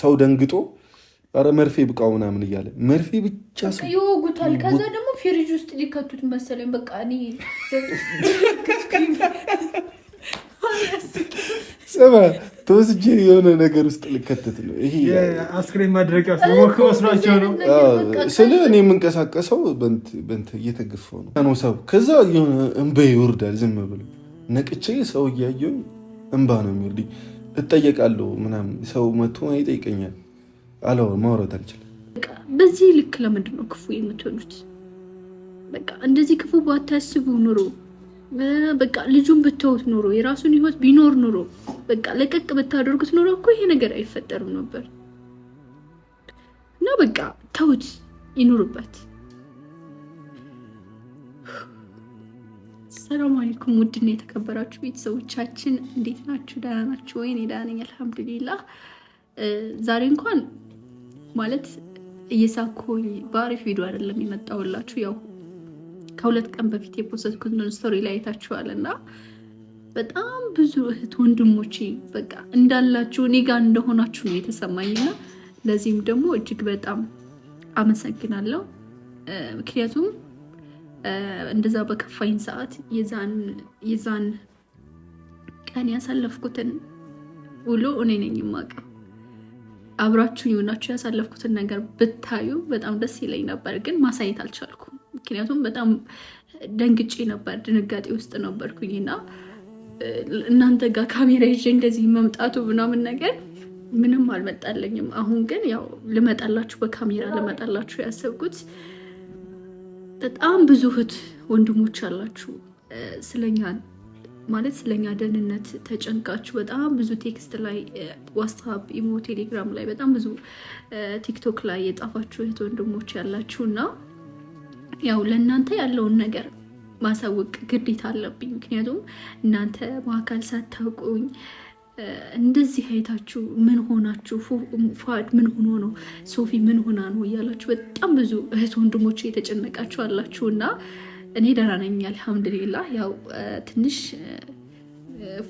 ሰው ደንግጦ ኧረ መርፌ ብቃው ምናምን እያለ መርፌ ብቻ ይወጉታል። ከዛ ደግሞ ፍሪጅ ውስጥ ሊከቱት መሰለኝ። በቃ ስማ ተወስጄ የሆነ ነገር ውስጥ ልከተት ነው። ይሄ አስክሬን ማድረቂያ ወስዷቸው ነው ስለ እኔ የምንቀሳቀሰው በንት እየተገፋው ነው ነው ሰው ከዛ የሆነ እንባ ይወርዳል። ዝም ብሎ ነቅቼ ሰው እያየው እንባ ነው የሚወርድኝ እጠየቃለሁ ምናምን ሰው መቶ ይጠይቀኛል። አላወ ማውራት አልችልም። በዚህ ልክ ለምንድን ነው ክፉ የምትሆኑት? በቃ እንደዚህ ክፉ ባታስቡ ኑሮ በቃ ልጁን ብትወት ኑሮ የራሱን ህይወት ቢኖር ኑሮ በቃ ለቀቅ ብታደርጉት ኑሮ እኮ ይሄ ነገር አይፈጠርም ነበር እና በቃ ተውት ይኑርበት። ሰላም አለይኩም ውድና የተከበራችሁ ቤተሰቦቻችን እንዴት ናችሁ? ደህና ናችሁ ወይ? እኔ ደህና ነኝ አልሐምዱሊላህ። ዛሬ እንኳን ማለት እየሳኩኝ በአሪፍ ቪዲዮ አይደለም የመጣሁላችሁ። ያው ከሁለት ቀን በፊት የፖስትኩትን ስቶሪ ላይ አይታችኋል እና በጣም ብዙ እህት ወንድሞቼ በቃ እንዳላችሁ እኔ ጋር እንደሆናችሁ ነው የተሰማኝና ለዚህም ደግሞ እጅግ በጣም አመሰግናለሁ ምክንያቱም እንደዛ በከፋኝ ሰዓት የዛን ቀን ያሳለፍኩትን ውሎ እኔ ነኝ የማውቀው። አብራችሁ የሆናችሁ ያሳለፍኩትን ነገር ብታዩ በጣም ደስ ይለኝ ነበር፣ ግን ማሳየት አልቻልኩም። ምክንያቱም በጣም ደንግጬ ነበር፣ ድንጋጤ ውስጥ ነበርኩኝ እና እናንተ ጋር ካሜራ ይዤ እንደዚህ መምጣቱ ምናምን ነገር ምንም አልመጣለኝም። አሁን ግን ያው ልመጣላችሁ፣ በካሜራ ልመጣላችሁ ያሰብኩት በጣም ብዙ እህት ወንድሞች አላችሁ ስለኛ ማለት ስለኛ ደህንነት ተጨንቃችሁ በጣም ብዙ ቴክስት ላይ ዋትስአፕ፣ ኢሞ፣ ቴሌግራም ላይ በጣም ብዙ ቲክቶክ ላይ የጻፋችሁ እህት ወንድሞች ያላችሁ እና ያው ለእናንተ ያለውን ነገር ማሳወቅ ግዴታ አለብኝ። ምክንያቱም እናንተ በአካል ሳታውቁኝ እንደዚህ አይታችሁ ምን ሆናችሁ ፏድ ምን ሆኖ ነው ሶፊ ምን ሆና ነው እያላችሁ በጣም ብዙ እህት ወንድሞች የተጨነቃችሁ አላችሁ እና እኔ ደህና ነኝ አልሐምዱሊላህ። ያው ትንሽ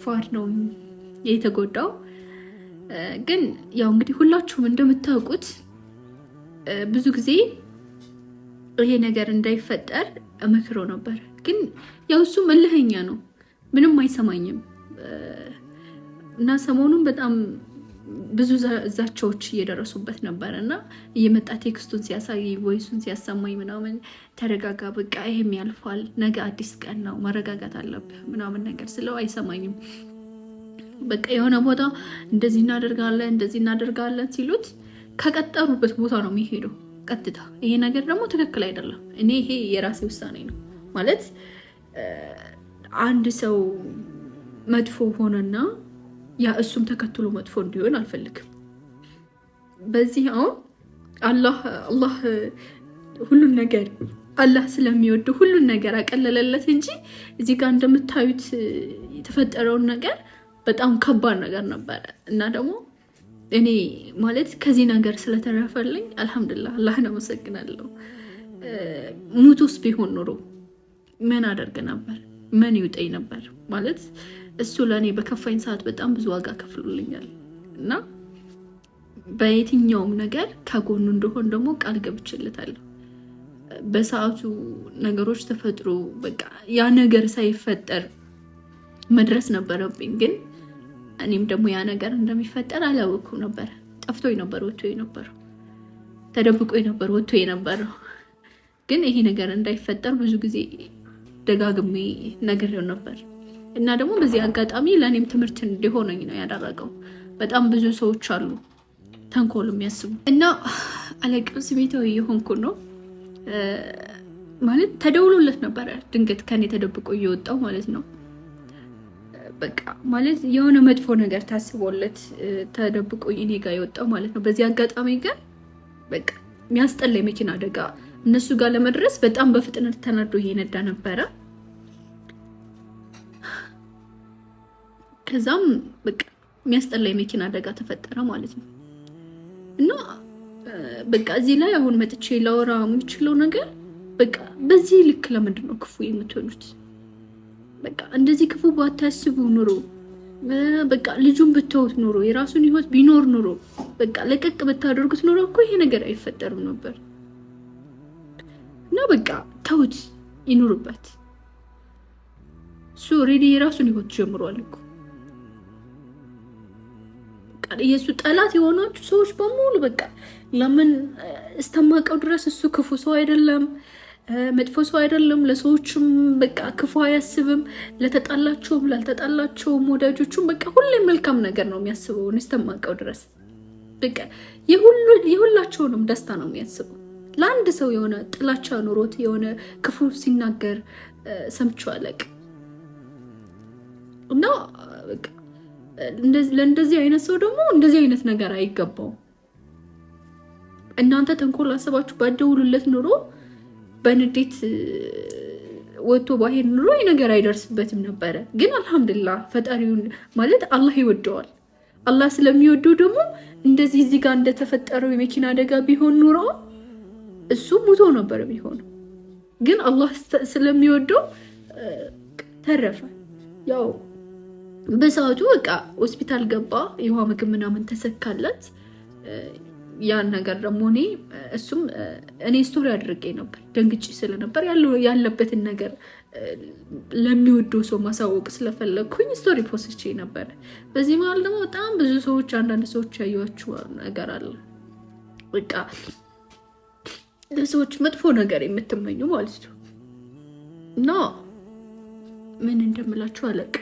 ፏድ ነው የተጎዳው፣ ግን ያው እንግዲህ ሁላችሁም እንደምታውቁት ብዙ ጊዜ ይሄ ነገር እንዳይፈጠር መክሮ ነበር፣ ግን ያው እሱም እልኸኛ ነው፣ ምንም አይሰማኝም እና ሰሞኑን በጣም ብዙ ዛቻዎች እየደረሱበት ነበር እና እየመጣ ቴክስቱን ሲያሳይ ወይሱን ሲያሰማኝ ምናምን ተረጋጋ፣ በቃ ይህም ያልፋል፣ ነገ አዲስ ቀን ነው፣ መረጋጋት አለብህ ምናምን ነገር ስለው አይሰማኝም። በቃ የሆነ ቦታ እንደዚህ እናደርጋለን እንደዚህ እናደርጋለን ሲሉት ከቀጠሩበት ቦታ ነው የሚሄደው ቀጥታ። ይሄ ነገር ደግሞ ትክክል አይደለም። እኔ ይሄ የራሴ ውሳኔ ነው ማለት አንድ ሰው መጥፎ ሆነና ያ እሱም ተከትሎ መጥፎ እንዲሆን አልፈልግም። በዚህ አሁን አላህ ሁሉን ነገር አላህ ስለሚወድ ሁሉን ነገር አቀለለለት እንጂ እዚህ ጋር እንደምታዩት የተፈጠረውን ነገር በጣም ከባድ ነገር ነበረ እና ደግሞ እኔ ማለት ከዚህ ነገር ስለተረፈልኝ አልሐምዱላ አላህን አመሰግናለሁ። ሙቶስ ቢሆን ኖሮ ምን አደርግ ነበር? ምን ይውጠኝ ነበር ማለት እሱ ለእኔ በከፋኝ ሰዓት በጣም ብዙ ዋጋ ከፍሎልኛል እና በየትኛውም ነገር ከጎኑ እንደሆን ደግሞ ቃል ገብችለታለሁ። በሰዓቱ ነገሮች ተፈጥሮ በቃ ያ ነገር ሳይፈጠር መድረስ ነበረብኝ፣ ግን እኔም ደግሞ ያ ነገር እንደሚፈጠር አላወኩም ነበረ። ጠፍቶ ነበር፣ ወቶ ነበር፣ ተደብቆ ነበር፣ ወቶ ነበረው። ግን ይሄ ነገር እንዳይፈጠር ብዙ ጊዜ ደጋግሜ ነግሬው ነበር። እና ደግሞ በዚህ አጋጣሚ ለእኔም ትምህርት እንዲሆነኝ ነው ያደረገው። በጣም ብዙ ሰዎች አሉ ተንኮል የሚያስቡ እና አለቅም ስሜታዊ የሆንኩ ነው ማለት ተደውሎለት ነበረ። ድንገት ከኔ ተደብቆ እየወጣው ማለት ነው። በቃ ማለት የሆነ መጥፎ ነገር ታስቦለት ተደብቆ እኔ ጋር የወጣው ማለት ነው። በዚህ አጋጣሚ ግን በቃ የሚያስጠላ የመኪና አደጋ እነሱ ጋር ለመድረስ በጣም በፍጥነት ተናዶ እየነዳ ነበረ። ከዛም በቃ የሚያስጠላ የመኪና አደጋ ተፈጠረ ማለት ነው። እና በቃ እዚህ ላይ አሁን መጥቼ ላወራ የሚችለው ነገር በቃ በዚህ ልክ ለምንድን ነው ክፉ የምትሆኑት? በቃ እንደዚህ ክፉ ባታስቡ ኑሮ በቃ ልጁን ብታዩት ኑሮ የራሱን ህይወት ቢኖር ኑሮ በቃ ለቀቅ ብታደርጉት ኑሮ እኮ ይሄ ነገር አይፈጠርም ነበር። እና በቃ ተውት፣ ይኑርበት። እሱ ኦልሬዲ የራሱን ህይወት ጀምሯል እኮ የእሱ ጠላት የሆናችሁ ሰዎች በሙሉ በቃ ለምን እስተማቀው ድረስ እሱ ክፉ ሰው አይደለም፣ መጥፎ ሰው አይደለም። ለሰዎችም በቃ ክፉ አያስብም። ለተጣላቸውም ላልተጣላቸውም ወዳጆቹም በቃ ሁሌም መልካም ነገር ነው የሚያስበው። እስተማቀው ድረስ በቃ የሁላቸውንም ደስታ ነው የሚያስበው። ለአንድ ሰው የሆነ ጥላቻ ኑሮት የሆነ ክፉ ሲናገር ሰምቼው አለቅ እና ለእንደዚህ አይነት ሰው ደግሞ እንደዚህ አይነት ነገር አይገባውም። እናንተ ተንኮል አስባችሁ ባደውሉለት ኑሮ በንዴት ወጥቶ ባሄድ ኑሮ ነገር አይደርስበትም ነበረ። ግን አልሐምዱሊላህ ፈጣሪውን ማለት አላህ ይወደዋል። አላህ ስለሚወደው ደግሞ እንደዚህ እዚህ ጋር እንደተፈጠረው የመኪና አደጋ ቢሆን ኑሮ እሱ ሙቶ ነበር ቢሆን። ግን አላህ ስለሚወደው ተረፈ ያው በሰዓቱ በቃ ሆስፒታል ገባ፣ የውሃ ምግብ ምናምን ተሰካላት። ያን ነገር ደግሞ እኔ እሱም እኔ ስቶሪ አድርጌ ነበር ደንግጭ ስለነበር ያለበትን ነገር ለሚወደው ሰው ማሳወቅ ስለፈለግኩኝ ስቶሪ ፖስቼ ነበረ። በዚህ መሀል ደግሞ በጣም ብዙ ሰዎች አንዳንድ ሰዎች ያዩችው ነገር አለ። በቃ ለሰዎች መጥፎ ነገር የምትመኙ ማለት ነው እና ምን እንደምላችሁ አለቅ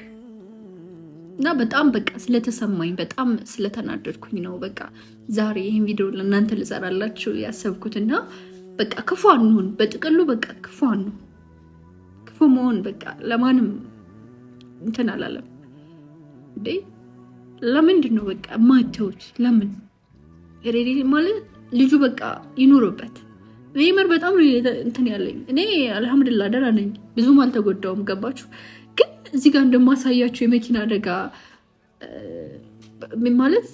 እና በጣም በቃ ስለተሰማኝ በጣም ስለተናደድኩኝ ነው በቃ ዛሬ ይህን ቪዲዮ ለእናንተ ልሰራላችሁ ያሰብኩት። እና በቃ ክፉ አንሆን፣ በጥቅሉ በቃ ክፉ አንሆን። ክፉ መሆን በቃ ለማንም እንትን አላለም እንዴ። ለምንድን ነው በቃ ማተውት? ለምን ሬዴ ማለት ልጁ በቃ ይኑርበት። ይመር በጣም እንትን ያለኝ እኔ አልሐምድላ ደህና ነኝ፣ ብዙም አልተጎዳውም። ገባችሁ እዚህ ጋር እንደማሳያቸው የመኪና አደጋ ማለት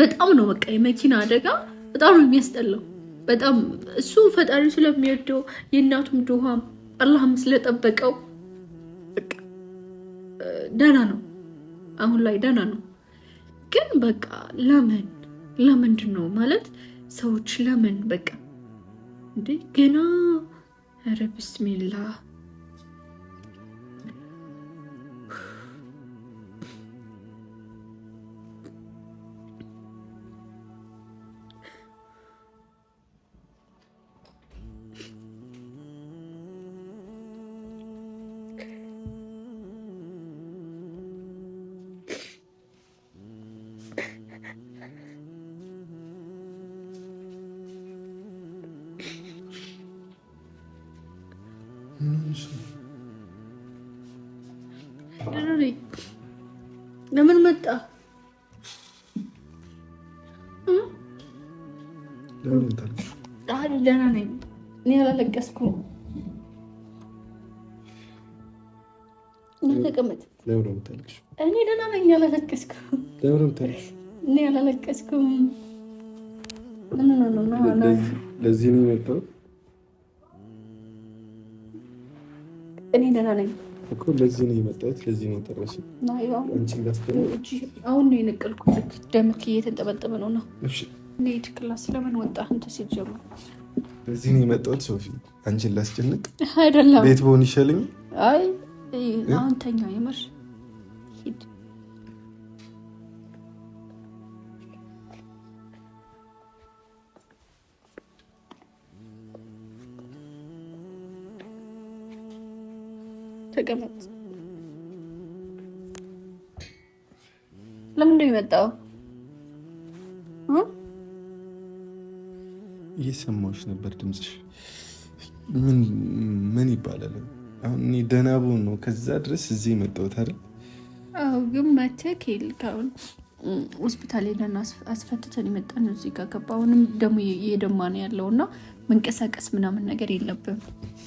በጣም ነው በቃ የመኪና አደጋ በጣም ነው የሚያስጠላው። በጣም እሱ ፈጣሪ ስለሚወደው የእናቱም ድሃም አላህም ስለጠበቀው ደህና ነው፣ አሁን ላይ ደህና ነው። ግን በቃ ለምን ለምንድን ነው ማለት ሰዎች ለምን በቃ እንዴ ገና ኧረ ብስሚላህ ለምን መጣ? ደህና ነኝ። እኔ አላለቀስኩም። ተቀመጥ። እኔ ደህና ነኝ። አላለቀስኩም። እኔ አላለቀስኩም። ለዚህ ነው የመጣሁት። እኔ ደህና ነኝ። እኮ ለዚህ ነው የመጣሁት፣ ለዚህ ነው የጠራሽኝ። አሁን ነው የነቀልኩት። ደምክ እየተንጠበጠበ ነው። ነው። እሺ እንሂድ። ክላስ ለምን ወጣህ አንተ? ሲጀምር ለዚህ ነው የመጣሁት ሶፊ፣ አንቺን ላስጨንቅ አይደለም። ቤት በሆን ይሻለኝ። አይ አሁን ተኛ የምር ተቀመጥ። ለምንድን ነው የመጣው? እየሰማሁሽ ነበር ድምፅሽ። ምን ይባላል አሁን? እኔ ደህና ብሆን ነው ከዛ ድረስ እዚህ የመጣሁት አይደል? አዎ፣ ግን መቼ ከልክ አሁን ሆስፒታል ሄደን አስፈትተን የመጣን እዚህ ጋር ገባ። አሁንም ደግሞ እየደማ ነው ያለው እና መንቀሳቀስ ምናምን ነገር የለብም።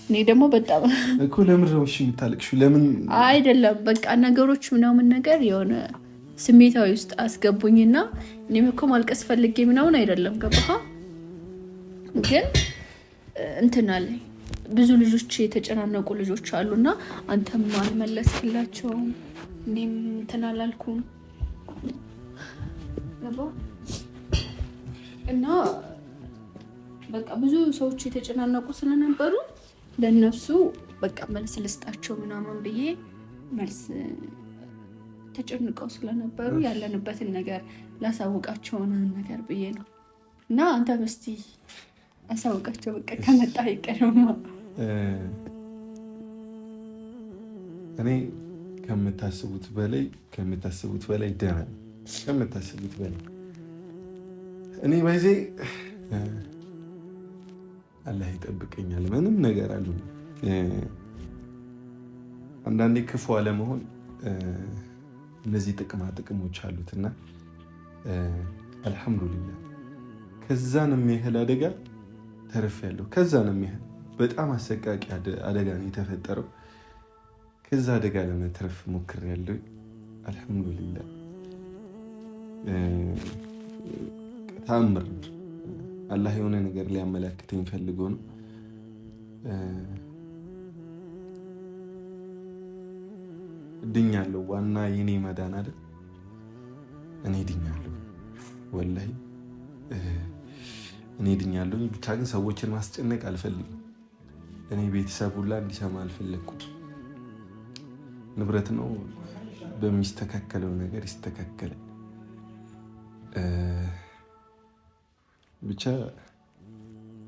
እኔ ደግሞ በጣም እኮ ለምን ነው እሺ የምታለቅሽው? ለምን አይደለም በቃ ነገሮች ምናምን ነገር የሆነ ስሜታዊ ውስጥ አስገቡኝና እኔም እኮ ማልቀስ ፈልጌ ምናምን አይደለም ገባ። ግን እንትን አለኝ ብዙ ልጆች የተጨናነቁ ልጆች አሉና አንተም አልመለስክላቸውም እኔም እንትን አላልኩም ገባ እና በቃ ብዙ ሰዎች የተጨናነቁ ስለነበሩ ለነሱ በቃ መልስ ልስጣቸው ምናምን ብዬ መልስ ተጨንቀው ስለነበሩ ያለንበትን ነገር ላሳውቃቸው ምናምን ነገር ብዬ ነው። እና አንተ በስቲ አሳውቃቸው በቃ ከመጣ አይቀርማ። እኔ ከምታስቡት በላይ ከምታስቡት በላይ ደህና ከምታስቡት በላይ እኔ ባይዜ አላህ ይጠብቀኛል። ምንም ነገር አሉ። አንዳንዴ ክፉ አለመሆን እነዚህ ጥቅማ ጥቅሞች አሉትና አልሐምዱሊላህ ከዛንም ያህል አደጋ ተርፌያለሁ። ከዛንም ያህል በጣም አሰቃቂ አደጋ ነው የተፈጠረው። ከዛ አደጋ ለመትረፍ ሞክሬያለሁ። አልሐምዱሊላህ ታምር አላህ የሆነ ነገር ሊያመላክተኝ ፈልጎ ነው። ድኛለሁ። ዋና የኔ መዳን አይደል? እኔ ድኛለሁ፣ ወላሂ እኔ ድኛለሁ። ብቻ ግን ሰዎችን ማስጨነቅ አልፈልግም። እኔ ቤተሰብ ሁላ እንዲሰማ አልፈለግኩም። ንብረት ነው፣ በሚስተካከለው ነገር ይስተካከለ ብቻ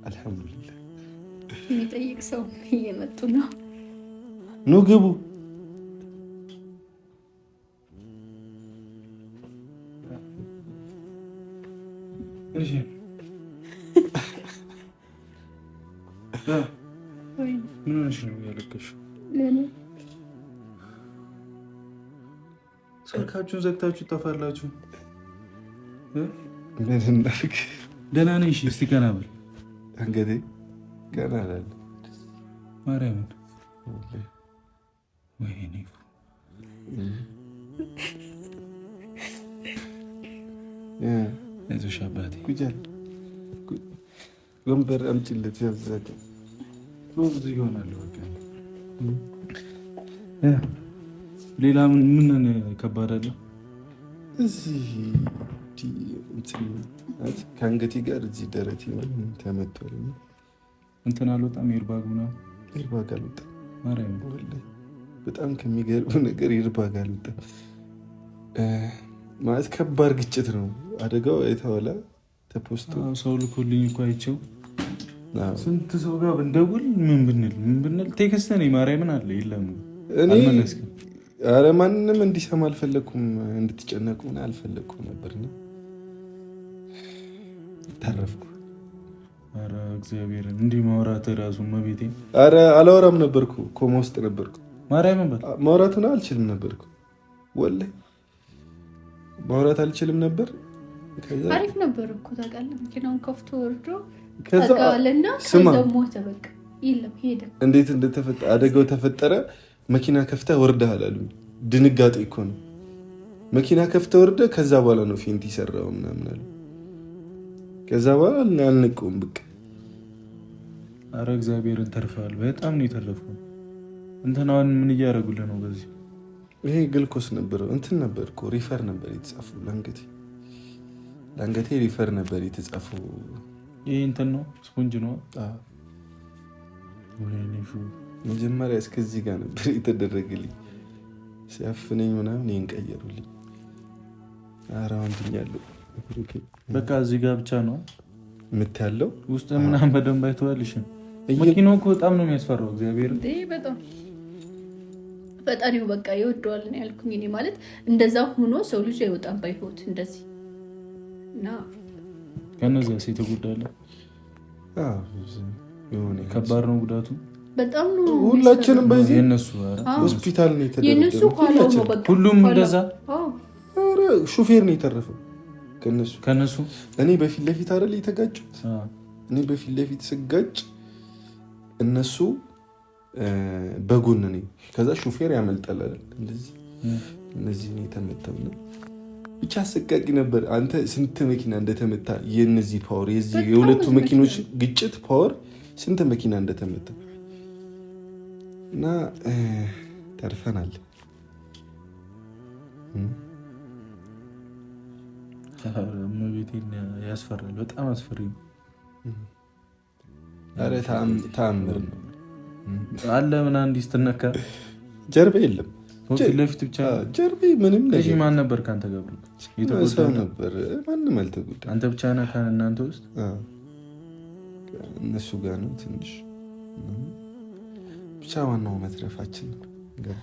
አልሐምዱሊላ የሚጠይቅ ሰው እየመጡ ነው። ኑ ግቡ። ምን ሆነሽ ነው ያለቀሽው? ስልካችሁን ዘግታችሁ ይጠፋላችሁ። ምን እናድርግ? ደህና ነሽ? እስቲ ቀና በል አንገቴ። ቀና እላለሁ። ማርያምን ወይኔ አይዞሽ አባቴ። ወንበር አምጪለት ያብዛት። ብዙ ይሆናል። ሌላ ምን ከባድ አለ እዚህ ከአንገቴ ጋር እዚህ ደረቴ ተመቷል። እንትን አልወጣም። ኤርባግ ነው ኤርባግ አልወጣም። በጣም ከሚገርም ነገር ኤርባግ አልወጣም። ማለት ከባድ ግጭት ነው አደጋው። የተወላ ተፖስቶ ሰው ልኮልኝ እኮ አይቼው ስንት ሰው ጋር ብንደውል ምን ብንል ምን ብንል ቴክስት ነኝ ማርያምን አለ የለም እኔ ኧረ ማንም እንዲሰማ አልፈለግኩም፣ እንድትጨነቁ አልፈለግኩም ነበርና ተረፍኩ። ኧረ እግዚአብሔርን እንዲህ ማውራት ራሱ መቤቴ። ኧረ አላወራም ነበርኩ፣ ኮማ ውስጥ ነበርኩ። ማርያምን በል ማውራትን አልችልም ነበርኩ፣ ወላሂ ማውራት አልችልም ነበር። አሪፍ ነበር እኮ ታውቃለህ፣ መኪናውን ከፍቶ ወርዶ ከዛልና ከዛ ሞተ። በቃ የለም ሄደ። እንዴት እንደተፈጠረ አደጋው ተፈጠረ። መኪና ከፍታ ወርደሃል አሉኝ። ድንጋጤ እኮ ነው። መኪና ከፍተ ወርደ ከዛ በኋላ ነው ፌንት ይሰራው ምናምን አሉ። ከዛ በኋላ አልነቀውም። ብቅ አረ እግዚአብሔር እንተርፈዋል። በጣም ነው የተረፍኩ። እንትን አሁን ምን እያደረጉልህ ነው? በዚህ ይሄ ግልኮስ ነበር እንትን ነበር እኮ ሪፈር ነበር የተጻፈው ለአንገቴ ለአንገቴ ሪፈር ነበር የተጻፈው። ይህ እንትን ነው ስፖንጅ ነው። መጀመሪያ እስከዚህ ጋር ነበር የተደረገልኝ። ሲያፍነኝ ምናምን ይህን ቀየሩልኝ። አረ ዋንትኛለሁ በቃ እዚህ ጋር ብቻ ነው ምት ያለው ውስጥ ምናምን በደንብ አይተዋልሽ። መኪናው እኮ በጣም ነው የሚያስፈራው። እግዚአብሔር በጣም ፈጣሪው በቃ ይወደዋል ነው ያልኩኝ እኔ ማለት እንደዛ ሆኖ ሰው ልጅ አይወጣም ባይሆት እንደዚህ ከነዚያ ሴት ጉዳለ ከባድ ነው ጉዳቱ በጣም ነው። ሁላችንም በዚህ የነሱ ሆስፒታል ነው የተደረገ ሁሉም እንደዛ ሹፌር ነው የተረፈው ከነሱ ከነሱ እኔ በፊት ለፊት አይደል የተጋጩት? እኔ በፊት ለፊት ስጋጭ እነሱ በጎን ነኝ። ከዛ ሹፌር ያመልጣል አይደል እንደዚህ እነዚህ ነው ብቻ አሰቃቂ ነበር። አንተ ስንት መኪና እንደተመታ የነዚህ ፓወር የዚህ የሁለቱ መኪኖች ግጭት ፓወር ስንት መኪና እንደተመታ እና ተርፈናል። እመቤቴን ያስፈራል። በጣም አስፈሪ ነው። ኧረ ተአምር ነው አለ ምን አንዲት ስትነካ ጀርቤ የለም ለፊት ብቻ ጀርቤ ምንም ማን ነበር ከአንተ ጋር ሰው ነበር? ማንም አልተጎዳም። አንተ ብቻ ነህ ከእናንተ ውስጥ እነሱ ጋር ነው ትንሽ ብቻ ዋናው መትረፋችን ነው ገባ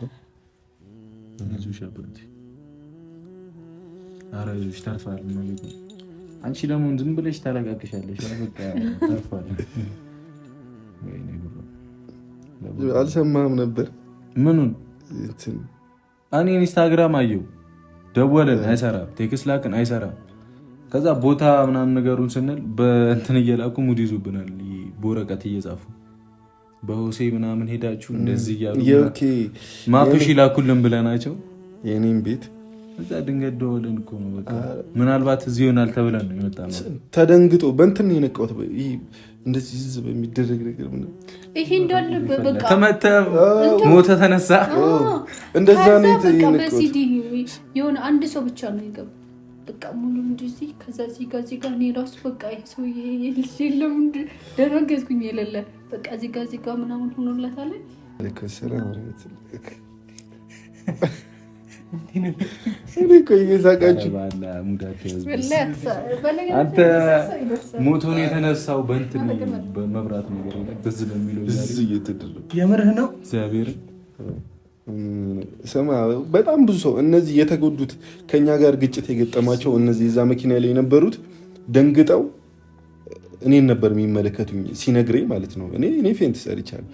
አረዞች ታርፋል። አንቺ ደግሞ ዝም ብለሽ ታረጋግሻለሽ። አልሰማህም ነበር ምኑን? እኔ ኢንስታግራም አየው ደወለን አይሰራም፣ ቴክስት ላክን አይሰራም። ከዛ ቦታ ምናምን ነገሩን ስንል በእንትን እየላኩ ሙድ ይዙብናል፣ በወረቀት እየጻፉ በሆሴ ምናምን ሄዳችሁ እንደዚህ እያሉ ማፕሽ ይላኩልን ብለናቸው የኔም ቤት እዛ ድንገት ደወልን እኮ ነው። በቃ ምናልባት እዚህ ይሆናል ተብለን ነው የመጣ ተደንግጦ በእንትን የነቃሁት። እንደዚህ ዝም የሚደረግ ነገር ይሄ እንዳለ ተመተ ሞተ ተነሳ፣ እንደዛ ነው የሆነ አንድ ሰው ብቻ ነው የገባ። በቃ ሙሉ እንደዚህ ከዛ እዚህ ጋር እዚህ ጋር እኔ እራሱ በቃ ሰውዬ የለም ደረገዝኩኝ በቃ እዚህ ጋር እዚህ ጋር ምናምን ሆኖላታል። ሞቶን የተነሳው በእንትን በመብራት ነገር ትዝ በሚለው የምርህ ነው። እግዚአብሔርን ስማ፣ በጣም ብዙ ሰው እነዚህ የተጎዱት ከኛ ጋር ግጭት የገጠማቸው እነዚህ እዛ መኪና ላይ የነበሩት ደንግጠው እኔን ነበር የሚመለከቱኝ ሲነግረኝ ማለት ነው። እኔ ፌንት ሰርቻለሁ፣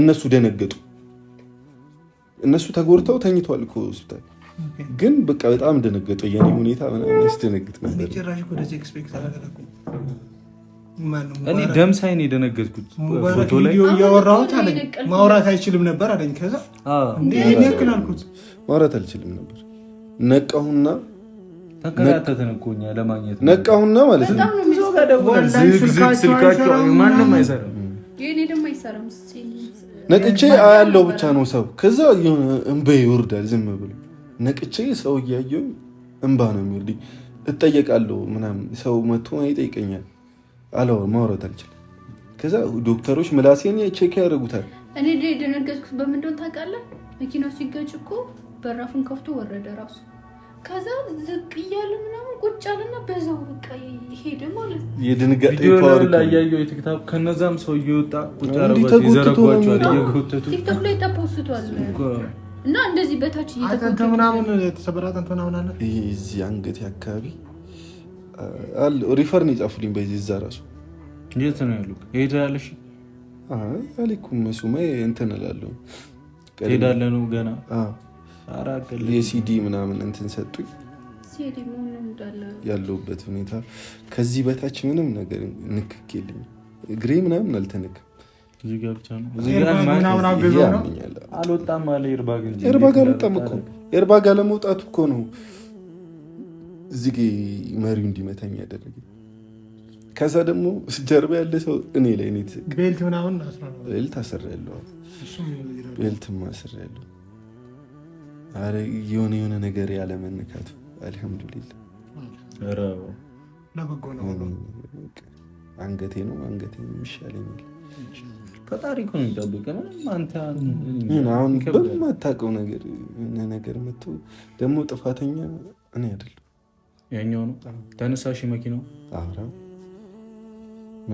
እነሱ ደነገጡ። እነሱ ተጎድተው ተኝቷል እኮ ሆስፒታል። ግን በቃ በጣም ደነገጠ። የኔ ሁኔታ ምናምን እኔ ደም ሳይን የደነገጥኩት ፎቶ ላይ እያወራሁት አለኝ። ማውራት አይችልም ነበር አለኝ። ከዛ ይህን ያክል አልኩት። ማውራት አልችልም ነበር። ነቃሁና ተከታተትን እኮ እኛ ለማግኘት ነቃሁና ማለት ነው። ዝግ ዝግ ስልካቸው ማንም አይሰራም። ነቅቼ አያለው ብቻ ነው ሰው። ከዛ እንበ ይወርዳል ዝም ብሎ ነቅቼ ሰው እያየው እንባ ነው የሚወርድ። እጠየቃለሁ ምናምን ሰው መቶ ይጠይቀኛል። አለው ማውራት አልችልም። ከዛ ዶክተሮች ምላሴን ቼክ ያደርጉታል። እኔ የደነገጥኩት በምንድን ታውቃለህ? መኪናው ሲገጭ እኮ በራፉን ከፍቶ ወረደ ራሱ ከዛ ዝቅ እያለ ቁጭ አለና በዛው በቃ ሄደ ማለት የድንጋጤ ፓወር ላይ ያየው ከነዛም ሰው እየወጣ ቁጭ እየጎተቱ ላይ ተፖስቷል እና እንደዚህ በታች ምናምን ምናምን አለ እዚህ አንገቴ አካባቢ አለ። ሪፈርን ይጻፉልኝ በዚህ እዛ ራሱ የት ነው ያሉ መሱማ እንትን እላለሁ ሄዳለ ነው ገና የሲዲ ምናምን እንትን ሰጡኝ ያለውበት ሁኔታ ከዚህ በታች ምንም ነገር ንክክ የለኝ። እግሬ ምናምን አልተነካም። ኤርባግ አልወጣም እኮ ኤርባግ አለመውጣቱ እኮ ነው እዚህ መሪው እንዲመታኝ ያደረገ። ከዛ ደግሞ ጀርባ ያለ ሰው እኔ ላይ ቤልት አስር ያለሁ ቤልት ማስር ያለሁ የሆነ የሆነ ነገር ያለመነካቱ አልሐምዱሊላ አንገቴ ነው አንገቴ ይሻለኛል። ፈጣሪ እኮ ነው አሁን በማታውቀው ነገር ነገር መጥቶ ደግሞ ጥፋተኛ እኔ አይደለም ያኛው ነው ተነሳሽ መኪናው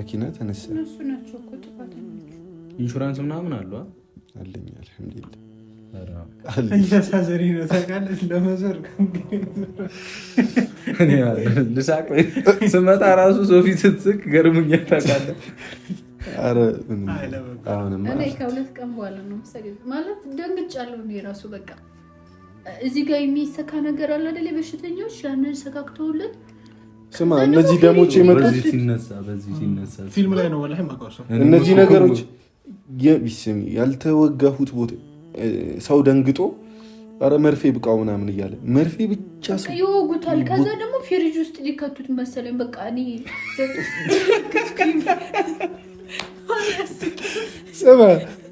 መኪና ተነሳ። ኢንሹራንስ ምናምን አለ አለኝ አልሐምዱሊላ እያሳዘነኝ ስመጣ ራሱ ሶፊ ስትስቅ ገርሙኛል ታውቃለህ። ከሁለት ቀን በኋላ ነው ማለት ደንግጫለሁ እኔ እራሱ በቃ እዚህ ጋር የሚሰካ ነገር አለ አይደል? በሽተኞች ያንን ሰካክተውለት ስማ እነዚህ ደሞች የመጡት ፊልም ላይ ነው። ወላሂ እነዚህ ነገሮች ያልተወጋሁት ቦታ ሰው ደንግጦ ኧረ መርፌ ብቃው ምናምን እያለ መርፌ ብቻ ይወጉታል። ከዛ ደግሞ ፌሪጅ ውስጥ ሊከቱት መሰለኝ። በቃ እኔ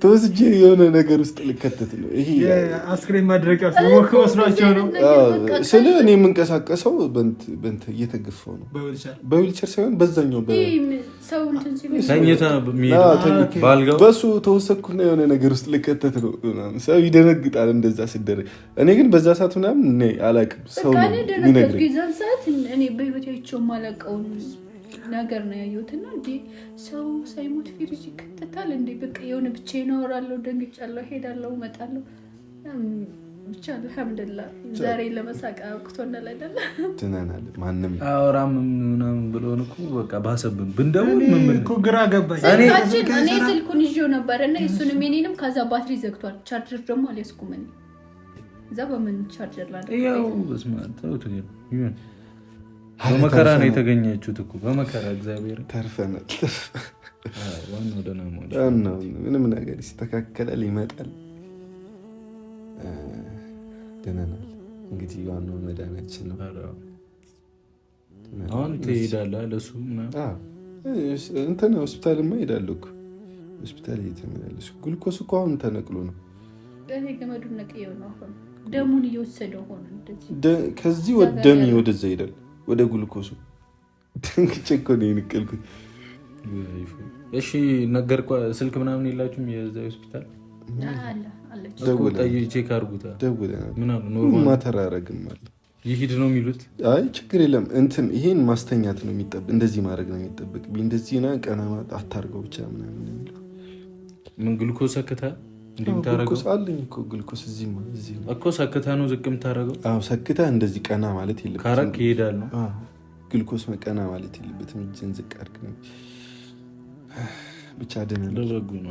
ተወስጄ የሆነ ነገር ውስጥ ልከተት ነው። ይሄ አስክሬን ማድረቂያ መስሏቸው ነው ስለ እኔ የምንቀሳቀሰው በንት እየተገፋው ነው፣ በዊልቸር ሳይሆን በዛኛው በሱ ተወሰድኩና የሆነ ነገር ውስጥ ልከተት ነው። ሰው ይደነግጣል እንደዛ ስደረግ። እኔ ግን በዛ ሰዓት ምናምን አላውቅም። ሰው ነው ሚነግረኝ እኔ የሚነግረኝ ነገር ነው ያየሁት። እና እንዴ ሰው ሳይሞት ፊሪጅ ይከተታል እንዴ? በቃ የሆነ ብቻ ይኖራለሁ፣ ደንግጫለሁ፣ ሄዳለሁ፣ እመጣለሁ። ብቻ ዛሬ ለመሳቅ አውቅቶናል አይደለ? ትነናል። ማንም አወራም ምናምን ብሎን እኮ በቃ ባሰብን ብንደውል እኮ ግራ ገባኝ። እኔ ስልኩን ይዤው ነበር እና የሱንም የኔንም ከዛ ባትሪ ዘግቷል። ቻርጀር ደግሞ አልያዝኩም እኔ እዛ በምን ቻርጀር በመከራ ነው የተገኘችሁት እኮ በመከራ እግዚአብሔር ተርፈናል። ዋናው ደህና መሆን ምንም ነገር ይስተካከላል፣ ይመጣል። ድነናል። እንግዲህ ዋናው መዳናችን ነው። አሁን ትሄዳለህ ለሱ እንትን ሆስፒታልማ እሄዳለሁ እኮ ሆስፒታል እየተመላለሱ ግሉኮስ እኮ አሁን ተነቅሎ ነው ደሙን እየወሰደው ከዚህ ደም ወደዛ ይሄዳል ወደ ጉልኮሱ ቸኮ ነው የንቀልኩት። እሺ ነገር ስልክ ምናምን የላችሁም? የዛ ሆስፒታል ቼክ አድርጉት አለ ይሂድ ነው የሚሉት። አይ ችግር የለም እንትን ይሄን ማስተኛት ነው የሚጠብቅ፣ እንደዚህ ማድረግ ነው የሚጠብቅ። እንደዚህ ና ቀና አታርገው ብቻ ምናምን ምን ግልኮሰ ሰክታ አለኝ እኮ ግልኮስ እኮ ሰክተህ ነው ዝቅ የምታደርገው። አዎ ሰክተህ እንደዚህ ቀና ማለት የለበትም። ካረክ ይሄዳል ነው ግልኮስ መቀና ማለት የለበትም። እጅን ዝቅ አድርግ ነው ብቻ። ደህና ለበጎ ነው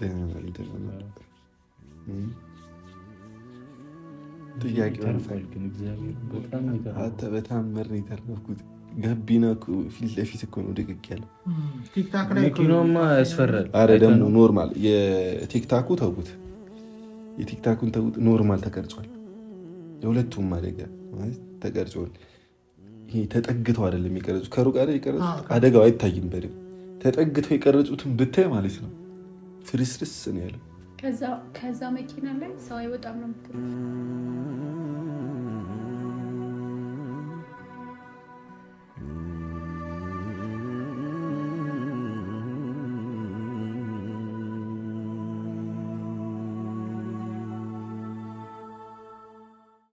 ደህና ነው። ጥያቄ በጣም የተረፍኩት ጋቢና ፊት ለፊት እኮ ነው ድቅቅ ያለ መኪናማ ያስፈራል። አረ ደግሞ ኖርማል የቲክታኩ ተውት፣ የቲክታኩን ተውት። ኖርማል ተቀርጿል። የሁለቱም አደጋ ተቀርጿል። ይሄ ተጠግተው አይደለም የቀረጹት፣ ከሩቅ አይደል የቀረጹት። አደጋው አይታይም በደምብ ተጠግተው የቀረጹትን ብታይ ማለት ነው ፍርስርስ ነው ያለው። ከዛ መኪና ላይ ሰው አይወጣም ነው